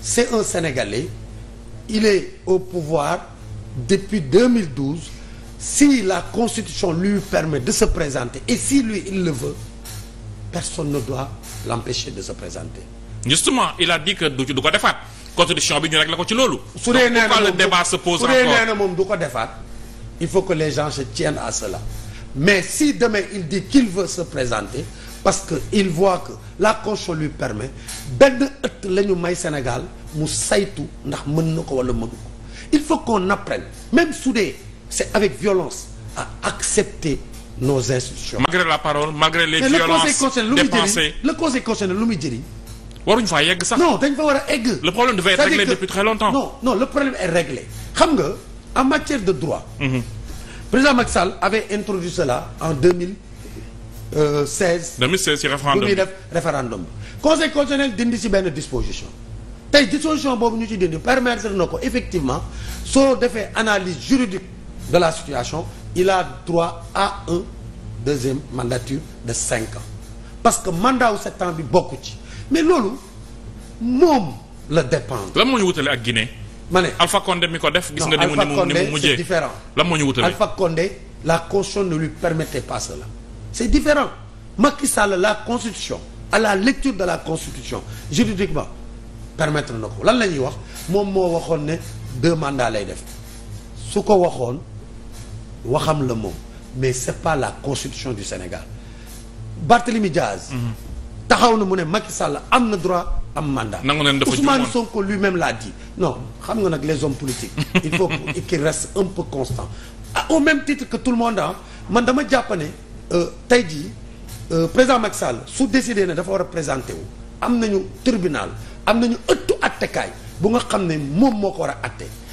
c'est un Sénégalais il est au pouvoir depuis 2012 si la constitution lui permet de se présenter et si lui il le veut personne ne doit l'empêcher de se présenter justement il a dit que du ko defaat constitution bi la ko ci loolu su dee nee na le débat se pose encore du ko defaat il faut que les gens se tiennent à cela mais si demain il dit qu'il veut se présenter parce que il voit que la constitution lui permet benn ëtt la ñu may Sénégal mu saytu ndax mën na ko wala mënu ko il faut qu'on apprenne même soudé c'est avec violence à accepter nos institutions. malgré la parole malgré les violences dépensées le conseil constitutionnel lu muy jëriñ. waruñ faa yegg sax. non dañ fa war a egg. le problème devait être réglé depuis très longtemps. non non le problème est réglé xam nga en matière de droit. Mm -hmm. président Macky Sall avait introduit cela 2016. Euh, 2016 ci référendum bu muy def référendum. conseil constitutionnel dindi ci benn disposition tey disposition boobu ñu ci dindi permettre na ko effectivement soo defee analyse juridique de la situation il a trois à un deuxième mandature de cinq ans parce que mandat wu sept ans bi bokku ci mais loolu moom la dépendre. lan moo ñu wutale ak Guinée. ma ne Alpha mi ko def. gis nga ni mu ni mu mujjee la moo ñu wutale Alpha Condé la constitution ne lui permettait pas la c'est différent Macky Sall la constitution à la lecture de la constitution juridiquement permettre na ko lan la ñuy wax moom moo waxoon ne deux mandats lay def su ko waxoon waxam la moom mais c'est pas la constitution du Sénégal Barthélemy Diaz mhm. taxaw na mu ne Macky Sall am na droit am mandat Ousmane Sonko lui-même l'a dit non xam nga nag les hommes politiques il faut qu'ils restent un peu constants ah, au même titre que tout le monde ah man dama jàpp Euh, tey jii euh, président Macky Sall su décidé ne dafa war a présenté wu am nañu tribunal am nañu ëttu attekaay bu nga xam ne moom moo ko war a atte